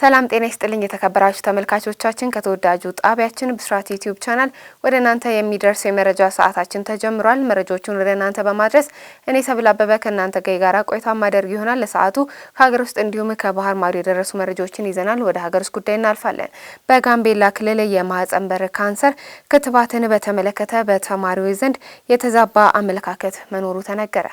ሰላም ጤና ይስጥልኝ የተከበራችሁ ተመልካቾቻችን፣ ከተወዳጁ ጣቢያችን ብስራት ዩቲዩብ ቻናል ወደ እናንተ የሚደርሰው የመረጃ ሰዓታችን ተጀምሯል። መረጃዎቹን ወደ እናንተ በማድረስ እኔ ሰብል አበበ ከእናንተ ጋር ጋራ ቆይታ ማደርግ ይሆናል። ለሰዓቱ ከሀገር ውስጥ እንዲሁም ከባህር ማዶ የደረሱ መረጃዎችን ይዘናል። ወደ ሀገር ውስጥ ጉዳይ እናልፋለን። በጋምቤላ ክልል የማህጸን በር ካንሰር ክትባትን በተመለከተ በተማሪዎች ዘንድ የተዛባ አመለካከት መኖሩ ተነገረ።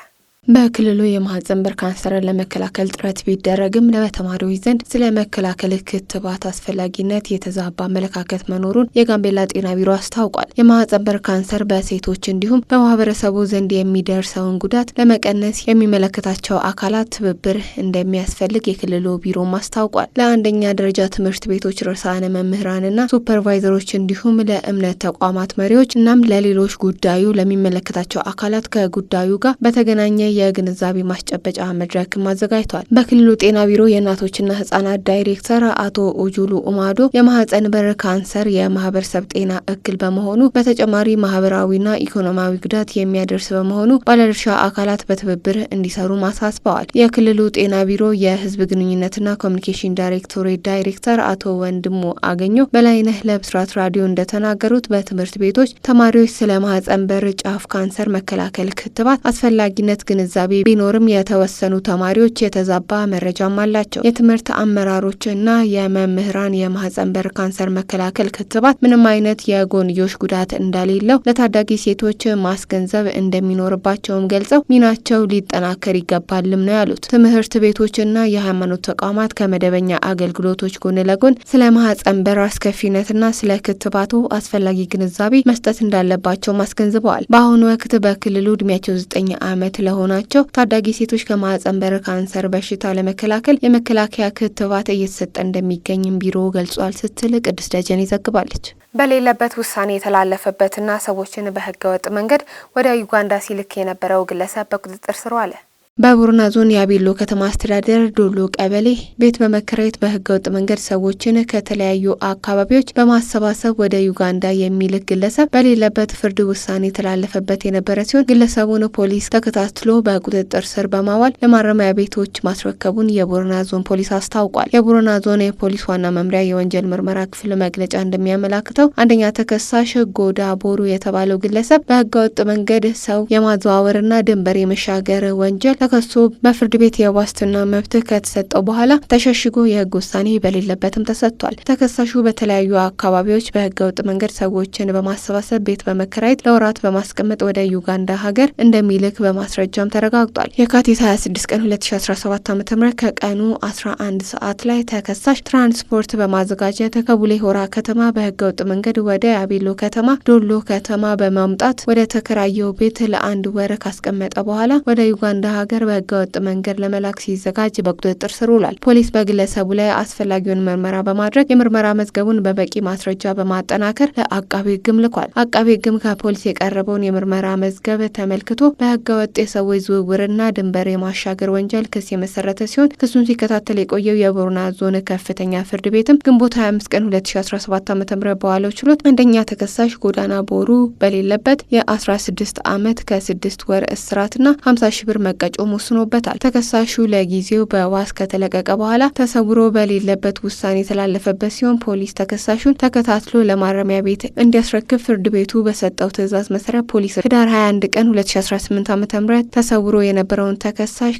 በክልሉ የማህፀን በር ካንሰርን ለመከላከል ጥረት ቢደረግም ለተማሪዎች ዘንድ ስለ መከላከል ክትባት አስፈላጊነት የተዛባ አመለካከት መኖሩን የጋምቤላ ጤና ቢሮ አስታውቋል። የማህፀን በር ካንሰር በሴቶች እንዲሁም በማህበረሰቡ ዘንድ የሚደርሰውን ጉዳት ለመቀነስ የሚመለከታቸው አካላት ትብብር እንደሚያስፈልግ የክልሉ ቢሮም አስታውቋል። ለአንደኛ ደረጃ ትምህርት ቤቶች ርዕሳነ መምህራንና ሱፐርቫይዘሮች እንዲሁም ለእምነት ተቋማት መሪዎች እናም ለሌሎች ጉዳዩ ለሚመለከታቸው አካላት ከጉዳዩ ጋር በተገናኘ የግንዛቤ ማስጨበጫ መድረክም አዘጋጅቷል። በክልሉ ጤና ቢሮ የእናቶችና ህጻናት ዳይሬክተር አቶ ኡጁሉ ኡማዶ የማህፀን በር ካንሰር የማህበረሰብ ጤና እክል በመሆኑ በተጨማሪ ማህበራዊና ኢኮኖሚያዊ ጉዳት የሚያደርስ በመሆኑ ባለድርሻ አካላት በትብብር እንዲሰሩ ማሳስበዋል። የክልሉ ጤና ቢሮ የህዝብ ግንኙነትና ኮሚኒኬሽን ዳይሬክቶሬት ዳይሬክተር አቶ ወንድሙ አገኘው በላይነህ ለብስራት ራዲዮ እንደተናገሩት በትምህርት ቤቶች ተማሪዎች ስለ ማህፀን በር ጫፍ ካንሰር መከላከል ክትባት አስፈላጊነት ግን ግንዛቤ ቢኖርም የተወሰኑ ተማሪዎች የተዛባ መረጃም አላቸው። የትምህርት አመራሮችና የመምህራን የማህፀን በር ካንሰር መከላከል ክትባት ምንም አይነት የጎንዮሽ ጉዳት እንደሌለው ለታዳጊ ሴቶች ማስገንዘብ እንደሚኖርባቸውም ገልጸው ሚናቸው ሊጠናከር ይገባልም ነው ያሉት። ትምህርት ቤቶችና የሃይማኖት ተቋማት ከመደበኛ አገልግሎቶች ጎን ለጎን ስለ ማህፀን በር አስከፊነትና ስለ ክትባቱ አስፈላጊ ግንዛቤ መስጠት እንዳለባቸው አስገንዝበዋል። በአሁኑ ወቅት በክልሉ እድሜያቸው ዘጠኝ ዓመት ለሆኑ በመሆናቸው ታዳጊ ሴቶች ከማህፀን በር ካንሰር በሽታ ለመከላከል የመከላከያ ክትባት እየተሰጠ እንደሚገኝም ቢሮ ገልጿል ስትል ቅድስት ደጀኔ ዘግባለች። በሌለበት ውሳኔ የተላለፈበትና ሰዎችን በህገወጥ መንገድ ወደ ዩጋንዳ ሲልክ የነበረው ግለሰብ በቁጥጥር ስር ዋለ። በቦረና ዞን የአቤሎ ከተማ አስተዳደር ዶሎ ቀበሌ ቤት በመከራየት በህገወጥ መንገድ ሰዎችን ከተለያዩ አካባቢዎች በማሰባሰብ ወደ ዩጋንዳ የሚልክ ግለሰብ በሌለበት ፍርድ ውሳኔ የተላለፈበት የነበረ ሲሆን ግለሰቡን ፖሊስ ተከታትሎ በቁጥጥር ስር በማዋል ለማረሚያ ቤቶች ማስረከቡን የቦረና ዞን ፖሊስ አስታውቋል። የቦረና ዞን የፖሊስ ዋና መምሪያ የወንጀል ምርመራ ክፍል መግለጫ እንደሚያመላክተው አንደኛ ተከሳሽ ጎዳ ቦሩ የተባለው ግለሰብ በህገወጥ መንገድ ሰው የማዘዋወርና ድንበር የመሻገር ወንጀል ተከሶ በፍርድ ቤት የዋስትና መብት ከተሰጠው በኋላ ተሸሽጎ የህግ ውሳኔ በሌለበትም ተሰጥቷል። ተከሳሹ በተለያዩ አካባቢዎች በህገ ወጥ መንገድ ሰዎችን በማሰባሰብ ቤት በመከራየት ለወራት በማስቀመጥ ወደ ዩጋንዳ ሀገር እንደሚልክ በማስረጃም ተረጋግጧል። የካቲት 26 ቀን 2017 ዓ ም ከቀኑ 11 ሰዓት ላይ ተከሳሽ ትራንስፖርት በማዘጋጀት ከቡሌ ሆራ ከተማ በህገ ወጥ መንገድ ወደ አቤሎ ከተማ ዶሎ ከተማ በማምጣት ወደ ተከራየው ቤት ለአንድ ወር ካስቀመጠ በኋላ ወደ ዩጋንዳ ሀገር ሀገር በህገወጥ መንገድ ለመላክ ሲዘጋጅ በቁጥጥር ስር ውሏል። ፖሊስ በግለሰቡ ላይ አስፈላጊውን ምርመራ በማድረግ የምርመራ መዝገቡን በበቂ ማስረጃ በማጠናከር ለአቃቢ ህግም ልኳል። አቃቢ ህግም ከፖሊስ የቀረበውን የምርመራ መዝገብ ተመልክቶ በህገወጥ የሰዎች ዝውውርና ድንበር የማሻገር ወንጀል ክስ የመሰረተ ሲሆን ክሱን ሲከታተል የቆየው የቦረና ዞን ከፍተኛ ፍርድ ቤትም ግንቦት 25 ቀን 2017 ዓ ም በዋለው ችሎት አንደኛ ተከሳሽ ጎዳና ቦሩ በሌለበት የ16 ዓመት ከ6 ወር እስራትና 50 ሺ ብር መቀጮ እንዲጾም ወስኖበታል። ተከሳሹ ለጊዜው በዋስ ከተለቀቀ በኋላ ተሰውሮ በሌለበት ውሳኔ የተላለፈበት ሲሆን ፖሊስ ተከሳሹን ተከታትሎ ለማረሚያ ቤት እንዲያስረክብ ፍርድ ቤቱ በሰጠው ትዕዛዝ መሰረት ፖሊስ ህዳር 21 ቀን 2018 ዓ.ም ተሰውሮ የነበረውን ተከሳሽ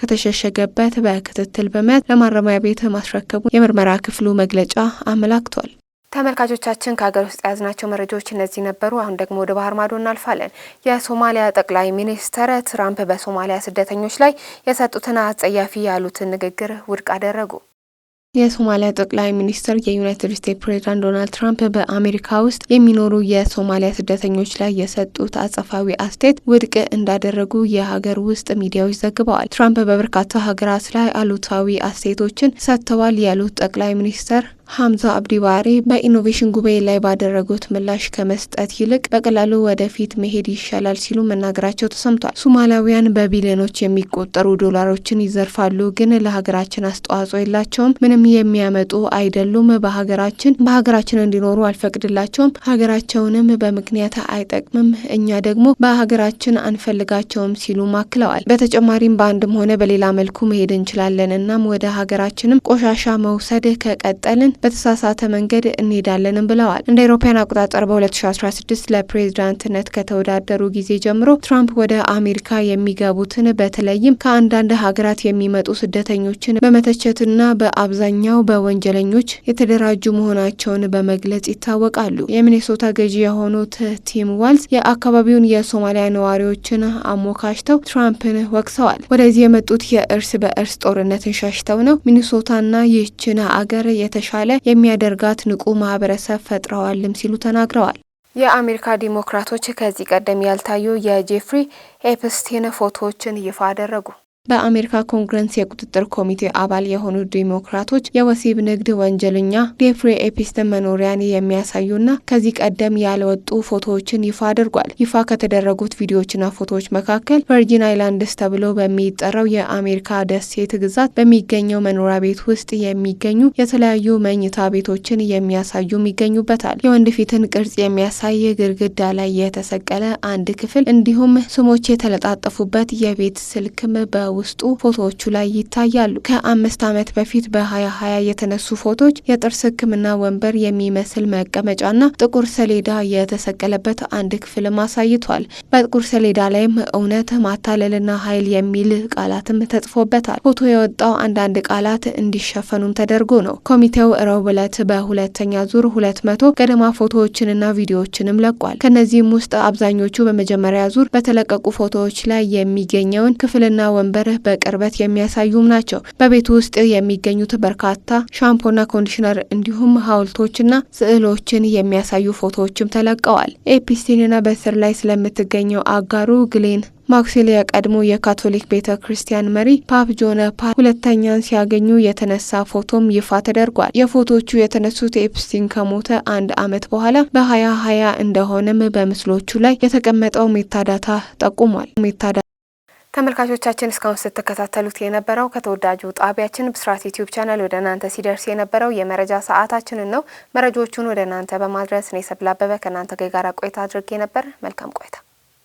ከተሸሸገበት በክትትል በመያዝ ለማረሚያ ቤት ማስረከቡ የምርመራ ክፍሉ መግለጫ አመላክቷል። ተመልካቾቻችን ከሀገር ውስጥ የያዝናቸው መረጃዎች እነዚህ ነበሩ። አሁን ደግሞ ወደ ባህር ማዶ እናልፋለን። የሶማሊያ ጠቅላይ ሚኒስትር ትራምፕ በሶማሊያ ስደተኞች ላይ የሰጡትን አጸያፊ ያሉትን ንግግር ውድቅ አደረጉ። የሶማሊያ ጠቅላይ ሚኒስትር የዩናይትድ ስቴትስ ፕሬዚዳንት ዶናልድ ትራምፕ በአሜሪካ ውስጥ የሚኖሩ የሶማሊያ ስደተኞች ላይ የሰጡት አጸፋዊ አስተያየት ውድቅ እንዳደረጉ የሀገር ውስጥ ሚዲያዎች ዘግበዋል። ትራምፕ በበርካታ ሀገራት ላይ አሉታዊ አስተያየቶችን ሰጥተዋል ያሉት ጠቅላይ ሚኒስትር ሀምዛ አብዲ ባሬ በኢኖቬሽን ጉባኤ ላይ ባደረጉት ምላሽ ከመስጠት ይልቅ በቀላሉ ወደፊት መሄድ ይሻላል ሲሉ መናገራቸው ተሰምቷል። ሶማሊያውያን በቢሊዮኖች የሚቆጠሩ ዶላሮችን ይዘርፋሉ፣ ግን ለሀገራችን አስተዋጽኦ የላቸውም፣ ምንም የሚያመጡ አይደሉም። በሀገራችን በሀገራችን እንዲኖሩ አልፈቅድላቸውም፣ ሀገራቸውንም በምክንያት አይጠቅምም፣ እኛ ደግሞ በሀገራችን አንፈልጋቸውም ሲሉ ማክለዋል። በተጨማሪም በአንድም ሆነ በሌላ መልኩ መሄድ እንችላለን። እናም ወደ ሀገራችንም ቆሻሻ መውሰድ ከቀጠልን በተሳሳተ መንገድ እንሄዳለንም ብለዋል። እንደ አውሮፓውያን አቆጣጠር በ2016 ለፕሬዝዳንትነት ከተወዳደሩ ጊዜ ጀምሮ ትራምፕ ወደ አሜሪካ የሚገቡትን በተለይም ከአንዳንድ ሀገራት የሚመጡ ስደተኞችን በመተቸትና በአብዛኛው በወንጀለኞች የተደራጁ መሆናቸውን በመግለጽ ይታወቃሉ። የሚኔሶታ ገዢ የሆኑት ቲም ዋልዝ የአካባቢውን የሶማሊያ ነዋሪዎችን አሞካሽተው ትራምፕን ወቅሰዋል። ወደዚህ የመጡት የእርስ በእርስ ጦርነትን ሸሽተው ነው። ሚኒሶታና ይህችን አገር የተሻለ የተሻለ የሚያደርጋት ንቁ ማህበረሰብ ፈጥረዋልም ሲሉ ተናግረዋል። የአሜሪካ ዲሞክራቶች ከዚህ ቀደም ያልታዩ የጄፍሪ ኤፕስቲን ፎቶዎችን ይፋ አደረጉ። በአሜሪካ ኮንግረስ የቁጥጥር ኮሚቴ አባል የሆኑ ዲሞክራቶች የወሲብ ንግድ ወንጀለኛ ጄፍሪ ኤፕስቲን መኖሪያን የሚያሳዩና ከዚህ ቀደም ያልወጡ ፎቶዎችን ይፋ አድርጓል። ይፋ ከተደረጉት ቪዲዮዎችና ፎቶዎች መካከል ቨርጂን አይላንድስ ተብሎ በሚጠራው የአሜሪካ ደሴት ግዛት በሚገኘው መኖሪያ ቤት ውስጥ የሚገኙ የተለያዩ መኝታ ቤቶችን የሚያሳዩም ይገኙበታል። የወንድ ፊትን ቅርጽ የሚያሳይ ግድግዳ ላይ የተሰቀለ አንድ ክፍል እንዲሁም ስሞች የተለጣጠፉበት የቤት ስልክም በው ውስጡ ፎቶዎቹ ላይ ይታያሉ። ከአምስት ዓመት በፊት በ2020 የተነሱ ፎቶዎች የጥርስ ሕክምና ወንበር የሚመስል መቀመጫና ጥቁር ሰሌዳ የተሰቀለበት አንድ ክፍልም አሳይቷል። በጥቁር ሰሌዳ ላይም እውነት፣ ማታለልና ኃይል የሚል ቃላትም ተጽፎበታል። ፎቶ የወጣው አንዳንድ ቃላት እንዲሸፈኑም ተደርጎ ነው። ኮሚቴው ረቡዕ ዕለት በሁለተኛ ዙር ሁለት መቶ ገደማ ፎቶዎችንና ቪዲዮዎችንም ለቋል። ከእነዚህም ውስጥ አብዛኞቹ በመጀመሪያ ዙር በተለቀቁ ፎቶዎች ላይ የሚገኘውን ክፍልና ወንበር መተግበርህ በቅርበት የሚያሳዩም ናቸው። በቤት ውስጥ የሚገኙት በርካታ ሻምፖና ኮንዲሽነር እንዲሁም ሐውልቶችና ስዕሎችን የሚያሳዩ ፎቶዎችም ተለቀዋል። ኤፒስቲንና በእስር ላይ ስለምትገኘው አጋሩ ግሌን ማክሲል የቀድሞ የካቶሊክ ቤተ ክርስቲያን መሪ ፓፕ ጆነ ፓ ሁለተኛን ሲያገኙ የተነሳ ፎቶም ይፋ ተደርጓል። የፎቶቹ የተነሱት ኤፕስቲን ከሞተ አንድ ዓመት በኋላ በሀያ ሀያ እንደሆነም በምስሎቹ ላይ የተቀመጠው ሜታዳታ ጠቁሟል። ሜታዳ ተመልካቾቻችን እስካሁን ስትከታተሉት የነበረው ከተወዳጁ ጣቢያችን ብስራት ዩቲዩብ ቻናል ወደ እናንተ ሲደርስ የነበረው የመረጃ ሰዓታችንን ነው። መረጃዎቹን ወደ እናንተ በማድረስ ነው የሰብለ አበበ ከእናንተ ጋር ቆይታ አድርጌ ነበር። መልካም ቆይታ